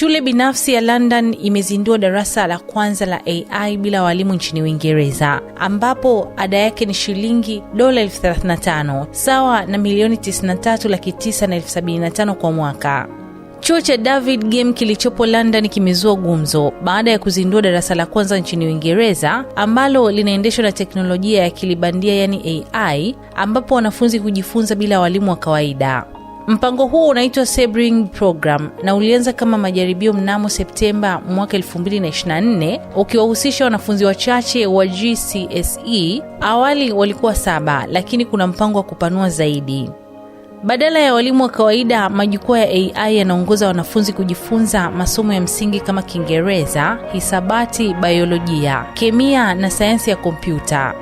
Shule binafsi ya London imezindua darasa la kwanza la AI bila walimu nchini Uingereza, ambapo ada yake ni shilingi dola 35 sawa na milioni 93 laki 9 na 75 kwa mwaka. Chuo cha David Game kilichopo London kimezua gumzo baada ya kuzindua darasa la kwanza nchini Uingereza ambalo linaendeshwa na teknolojia ya kilibandia yani AI, ambapo wanafunzi hujifunza bila walimu wa kawaida. Mpango huo unaitwa Sebring Program na ulianza kama majaribio mnamo Septemba mwaka 2024 ukiwahusisha wanafunzi wachache wa GCSE. Awali walikuwa saba, lakini kuna mpango wa kupanua zaidi. Badala ya walimu wa kawaida, majukwaa ya AI yanaongoza wanafunzi kujifunza masomo ya msingi kama Kiingereza, hisabati, biolojia, kemia na sayansi ya kompyuta.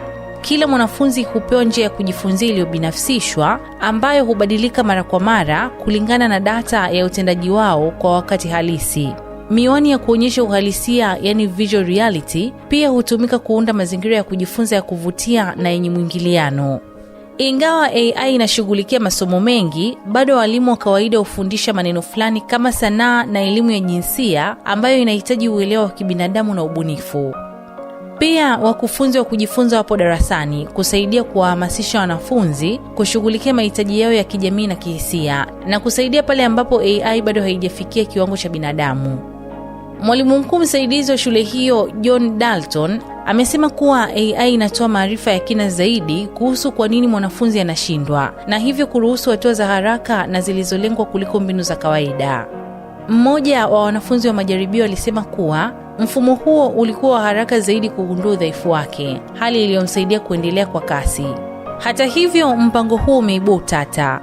Kila mwanafunzi hupewa njia ya kujifunzia iliyobinafsishwa ambayo hubadilika mara kwa mara kulingana na data ya utendaji wao kwa wakati halisi. Miwani ya kuonyesha uhalisia, yani visual reality, pia hutumika kuunda mazingira ya kujifunza ya kuvutia na yenye mwingiliano. Ingawa AI inashughulikia masomo mengi, bado walimu wa kawaida hufundisha maneno fulani kama sanaa na elimu ya jinsia ambayo inahitaji uelewa wa kibinadamu na ubunifu. Pia wakufunzi wa kujifunza wapo darasani kusaidia kuwahamasisha wanafunzi kushughulikia mahitaji yao ya kijamii na kihisia na kusaidia pale ambapo AI bado haijafikia kiwango cha binadamu. Mwalimu mkuu msaidizi wa shule hiyo John Dalton amesema kuwa AI inatoa maarifa ya kina zaidi kuhusu kwa nini mwanafunzi anashindwa na hivyo kuruhusu hatua za haraka na zilizolengwa kuliko mbinu za kawaida. Mmoja wa wanafunzi wa majaribio alisema kuwa mfumo huo ulikuwa wa haraka zaidi kugundua udhaifu wake, hali iliyomsaidia kuendelea kwa kasi. Hata hivyo, mpango huo umeibua utata.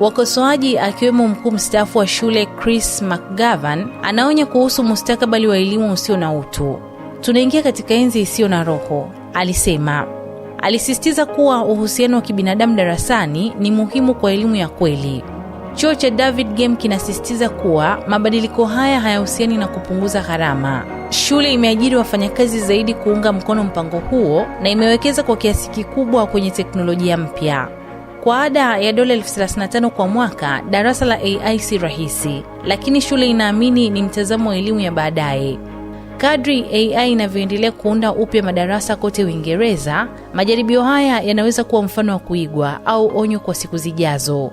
Wakosoaji akiwemo mkuu mstaafu wa shule Chris McGovern anaonya kuhusu mustakabali wa elimu usio na utu. Tunaingia katika enzi isiyo na roho, alisema. Alisisitiza kuwa uhusiano wa kibinadamu darasani ni muhimu kwa elimu ya kweli. Chuo cha David Game kinasisitiza kuwa mabadiliko haya hayahusiani na kupunguza gharama. Shule imeajiri wafanyakazi zaidi kuunga mkono mpango huo na imewekeza kwa kiasi kikubwa kwenye teknolojia mpya. Kwa ada ya dola elfu thelathini na tano kwa mwaka, darasa la AI si rahisi, lakini shule inaamini ni mtazamo wa elimu ya baadaye. Kadri AI inavyoendelea kuunda upya madarasa kote Uingereza, majaribio haya yanaweza kuwa mfano wa kuigwa au onyo kwa siku zijazo.